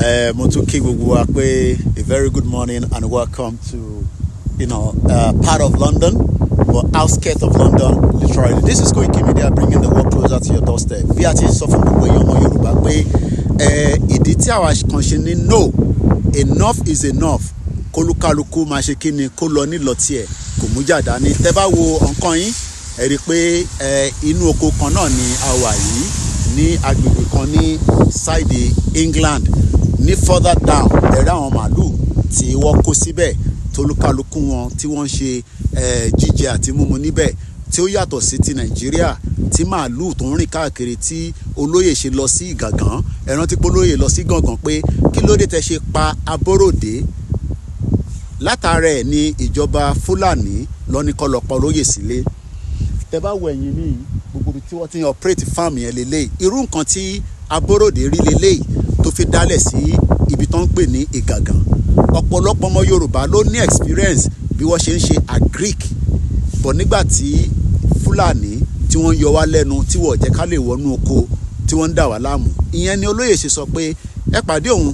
Uh, mo tún kí gbogbo wa pé a very good morning and welcome to you know uh, part of London but outskirts of London literally this is Koiki Media bringing the world closer to your doorstep bí a ti sọ fún gbogbo èèyàn ọmọ Yorùbá pé eh, ìdí tí àwa kan ṣe ní no enough is enough kólúkálukú máa ṣe kí ni kó lọ nílọ tiẹ̀ kò mú jàdá ni tẹ́ bá wo nǹkan yín ẹ rí i pé eh, inú oko kan náà ni a wà yìí ní agbègbè kan ní sáìdì England ní further down ẹ̀rẹ́ àwọn màálùú tí wọ́n kó síbẹ̀ tolúkálukú wọn tí wọ́n ń ṣe jíjẹ àti mímu níbẹ̀ tí ó yàtọ̀ sí ti nàìjíríà tí màálùú tó ń rìn káàkiri tí olóyè ṣe lọ sí ìgàngán ẹ rántí pé olóyè lọ sí gàngán pé kí ló dé tẹ ṣe pa aboròdé látara ẹ̀ ni ìjọba fúlàní lọ́nìkọlọ́pọ̀ olóyè sílé tẹ bá wo ẹ̀yìn mi gbogbo tí wọ́n ti ń operate farm yẹn lélẹ́yìí irú nǹkan tí aboròdé rí lélẹ́yìí tó fi dálẹ̀ sí ibi tó ń pè ní ìgàngàn ọ̀pọ̀lọpọ̀ ọmọ yorùbá ló ní experience bí wọ́n ṣe ń ṣe agric bọ̀ nígbà tí fúlàní tí wọ́n ń yọ wá lẹ́nu tí wọ́n jẹ́ ká lè wọnú oko tí wọ́n ń dà wá láàmú ìyẹn ni olóyè ṣe sọ pé ẹ pàdé òun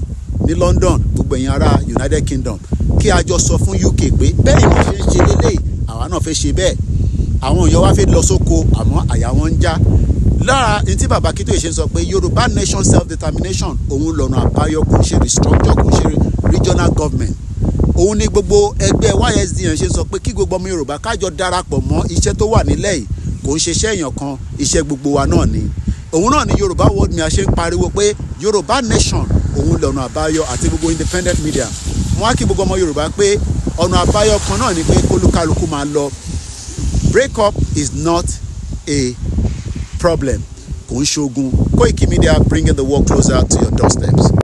ní London gbogbo ẹ̀yin ará United Kingdom kí a jọ sọ fún UK pé bẹ́ẹ̀ ni wọ́n ṣe ń ṣe lélẹ́yìí àwa náà fẹ́ ṣe bẹ́ẹ̀ àwọn èèyàn wá fẹ́ lọ sóko àmọ́ àyà wọn ń já lára etí bàbá kí tó yẹ sọ pé yorùbá nation self determination òun lọ́nà àbáyọ kò ń ṣe restructure kò ṣe regional government òun ni gbogbo ẹgbẹ́ ysdn ṣe sọ pé kí gbogbo ọmọ yorùbá kájọ darapọ̀ mọ́ iṣẹ́ tó wà nílẹ̀ yìí kò ń ṣeṣẹ́ èèyàn kan iṣẹ́ gbogbo wa náà ni òun náà ni yorùbá world media ṣe ń pariwo pé yorùbá nation òun lọ́nà àbáyọ àti gbogbo independent media wọn á kí gbogbo ọmọ yorùbá pé ọ̀nà àbáyọ kan náà ni pé kólúkálukú máa lọ break up is not a problem kò ń ṣogun Media bringing the world closer to your doorsteps.